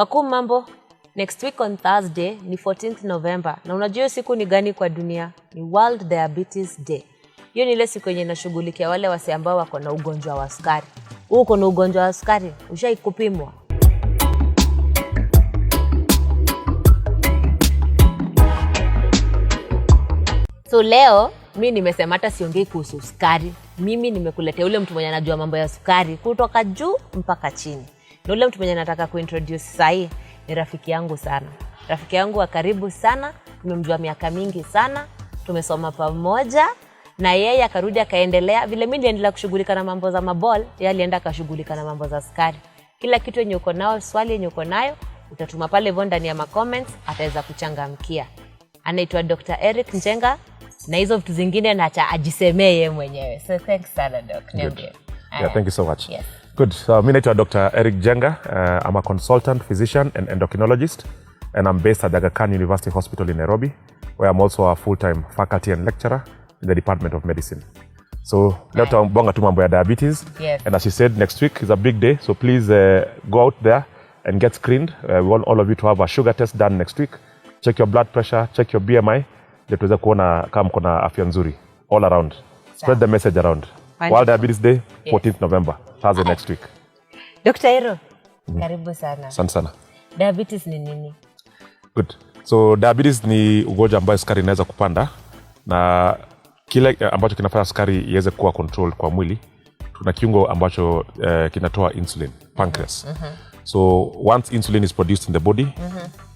Wakuu mambo, next week on Thursday ni 14th November, na unajua siku ni gani kwa dunia? Ni World Diabetes Day. Hiyo ni ile siku yenye inashughulikia wale wasi ambao wako na ugonjwa wa sukari. huuko uko na ugonjwa wa sukari, ushaikupimwa? So leo mi nimesema hata siongei kuhusu sukari. Mimi nimekuletea ule mtu mwenye anajua mambo ya sukari kutoka juu mpaka chini na ule mtu mwenye nataka kuintroduce sahii ni rafiki yangu sana, rafiki yangu wa karibu sana. Tumemjua miaka mingi sana, tumesoma pamoja na yeye akarudi akaendelea vile mi niliendelea kushughulika na mambo za mabol, yeye alienda akashughulika na mambo za skari Kila kitu yenye uko nao, swali yenye uko nayo utatuma pale vo ndani ya macomments, ataweza kuchangamkia. Anaitwa Dr. Eric Njenga, na hizo vitu zingine nacha ajisemee yeye mwenyewe. So thanks sana Doc. Yeah, thank you so much. Yes. Good. So, mi naitwa Dr. Eric Jenga. Uh, I'm a consultant physician and endocrinologist and I'm based at Aga Khan University Hospital in Nairobi where I'm also a full-time faculty and lecturer in the Department of Medicine. So leo tutabonga tu mambo ya diabetes. Yes. And as she said, next week is a big day. So please uh, go out there and get screened. Uh, we want all of you to have a sugar test done next week. Check your blood pressure, check your BMI, ndio tuweze kuona kama mko na afya nzuri all around. Spread the message around. Wonderful. World Diabetes Day, 14th yes. November, Thursday ah. next week. Dr. Ero, mm. karibu sana. Sana sana. Diabetes ni nini? Good. So diabetes ni ugonjwa ambayo sukari inaweza kupanda na kile eh, ambacho kinafanya sukari iweze kuwa control kwa mwili tuna kiungo ambacho uh, kinatoa insulin pancreas. mm -hmm. So once insulin is produced in the body mm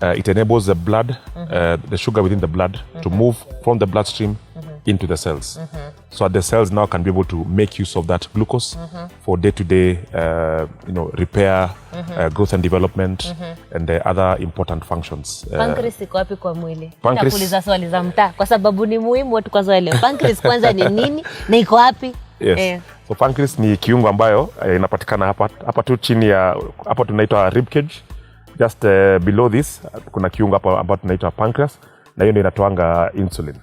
-hmm. uh, it enables the blood mm -hmm. uh, the sugar within the blood mm -hmm. to mm-hmm. move from the bloodstream into the cells. Mm-hmm. So the cells now can be able to make use of that glucose mm-hmm. for day-to-day, uh, you know, repair, mm-hmm. uh, growth and development, mm-hmm. and the other important functions. Uh, pancreas iko wapi kwa mwili? Nakuuliza swali za mtaa kwa sababu ni muhimu watu kuelewa. Pancreas kwanza ni nini na iko wapi? Yes. Eh. So pancreas ni kiungo ambayo eh, inapatikana hapa hapa tu chini ya hapa tunaitwa rib cage. Just uh, below this kuna kiungo hapa ambayo tunaitwa pancreas na hiyo ndio inatoanga insulin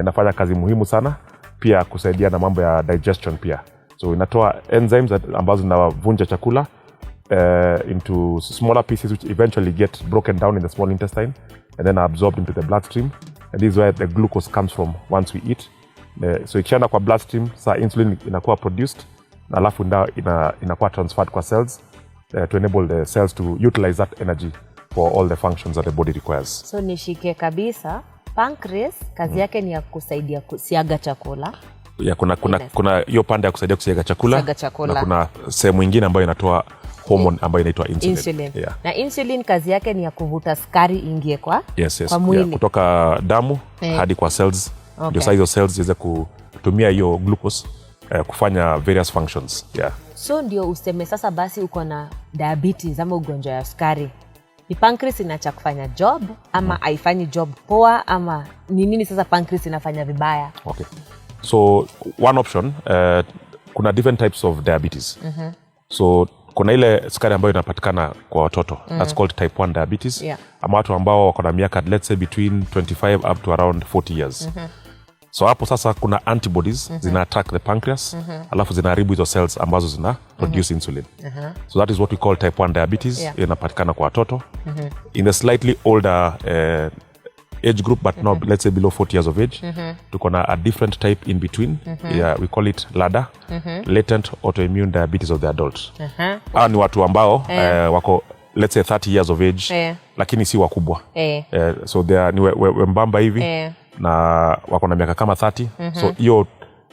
inafanya kazi muhimu sana pia kusaidia na mambo ya digestion pia so inatoa enzymes ambazo zinavunja chakula uh, into smaller pieces which eventually get broken down in the small intestine and then are absorbed into the bloodstream and this is where the glucose comes from once we eat uh, so ikishaenda kwa bloodstream saa insulin inakuwa produced na alafu ina, inakuwa transferred kwa cells uh, to enable the cells to utilize that energy for all the functions that the body requires so nishike kabisa Pancreas kazi mm-hmm. yake ni ya kusaidia kusiaga chakula ya, kuna kuna hiyo kuna, hiyo pande ya kusaidia kusiaga chakula, chakula. Na kuna sehemu nyingine ambayo inatoa hormone ambayo inaitwa insulin. Insulin. Yeah. Na insulin kazi yake ni ya kuvuta sukari ingie kwa, yes, yes. kwa mwili yeah, kutoka damu yeah, hadi kwa cells ndio okay. Saa hizo cells ziweze kutumia hiyo glucose uh, kufanya various functions yeah. So ndio useme sasa basi uko na diabetes ama ugonjwa ya sukari ni pancreas ina cha kufanya job ama mm. haifanyi job poa ama ni nini sasa pancreas inafanya vibaya okay. so one option uh, kuna different types of diabetes mm-hmm. so kuna ile sukari ambayo inapatikana kwa watoto mm-hmm. That's called type 1 diabetes yeah. ama watu ambao wako na miaka let's say between 25 up to around 40 years mm-hmm so hapo sasa kuna antibodies mm -hmm. zina attack the pancreas mm -hmm. alafu zinaharibu hizo cells ambazo zina mhm. produce mm -hmm. insulin mm -hmm. so that is what we call type 1 diabetes yeah. inapatikana kwa watoto mm -hmm. in the slightly older uh, age group but mm -hmm. no, let's say below 40 years of age mm -hmm. tuko na a different type in between mm -hmm. yeah, we call it lada mm -hmm. latent autoimmune diabetes of the adult mm -hmm. hawa ni watu ambao yeah. uh, eh, wako let's say 30 years of age yeah. lakini si wakubwa yeah. uh, eh, so they are, ni wembamba we, we hivi yeah na wako na miaka kama 30 mm-hmm. so hiyo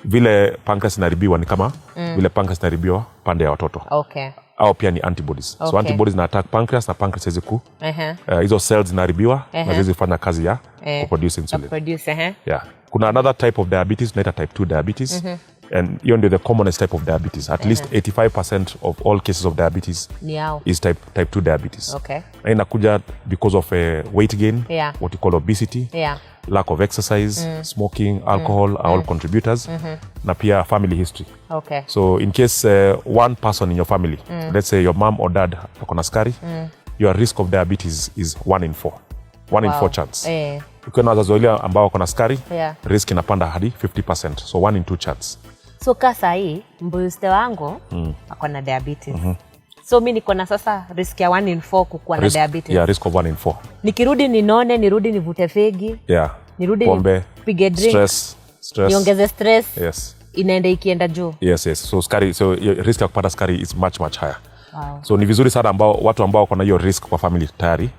vile pancreas inaharibiwa ni kama mm. vile pancreas inaharibiwa pande ya watoto okay. au pia ni antibodies okay. so antibodies na attack pancreas na pancreas hizi ku uh-huh. uh, cells zinaharibiwa uh-huh. na hizi fanya kazi ya uh-huh. kuproduce insulin uh-huh. yeah. kuna another type of diabetes tunaita type 2 diabetes mm-hmm and hiyo ndio the commonest type of diabetes at uh least 85% uh-huh. of all cases of diabetes Niao. is type, type 2 diabetes okay. na inakuja because of a eh, weight gain yeah. what you call obesity yeah. lack of exercise mm. smoking mm. alcohol mm. are all mm. contributors mm -hmm. na pia family history okay. so in case uh, one person in your family mm. let's say your mom or dad ako na skari mm. your risk of diabetes is one in four one wow. in four chance eh. ukiwa na wazazi wawili ambao wako na skari yeah. risk inapanda hadi 50 so one in two chance so ka sahii mbuste wangu mm. ako na diabetes mm -hmm. so mi niko na sasa risk ya 1 in 4 kukuwa na diabetes yeah, risk of 1 in 4 nikirudi ninone nirudi nivute figi yeah. nirudi Pombe. pige drink stress. Stress. niongeze stress yes. inaenda ikienda juu yes, yes. so, skari, so risk ya kupata skari is much much higher wow. so ni vizuri sana ambao, watu ambao wako na hiyo risk kwa family tayari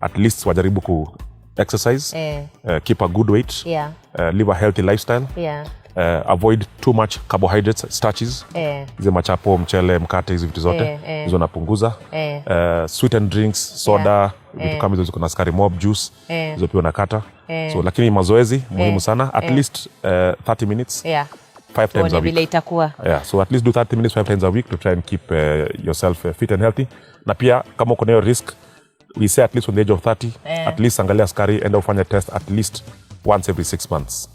at least wajaribu ku exercise eh. uh, keep a good weight yeah. uh, live a healthy lifestyle yeah Uh, avoid too much carbohydrates, starches eh, machapo, mchele, mkate, hizi vitu zote hizo eh, eh, napunguza eh, uh, eh, sweetened drinks, soda yeah, vitu eh, kama hizo ziko na sukari mob, juice eh. hizo eh, pia nakata eh, so lakini mazoezi muhimu eh, sana at eh, least uh, 30 minutes yeah. Five times a week. Itakuwa. Yeah, so at least do 30 minutes five times a week to try and keep uh, yourself uh, fit and healthy na pia kama uko nayo risk we say at least on the age of 30 eh, at least angalia sukari, enda ufanya test at least once every six months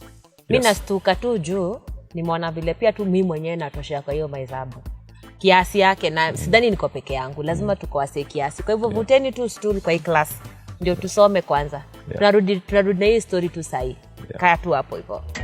mi nastuka tu juu mwana vile pia tu mi mwenyewe natoshea kwa hiyo mahesabu kiasi yake na mm. sidhani niko peke yangu lazima mm. kiasi kwa hivyo vuteni tu stool kwa hii klas ndio tusome kwanza tunarudi na hii stori tu sahii yeah. kaa tu hapo hivo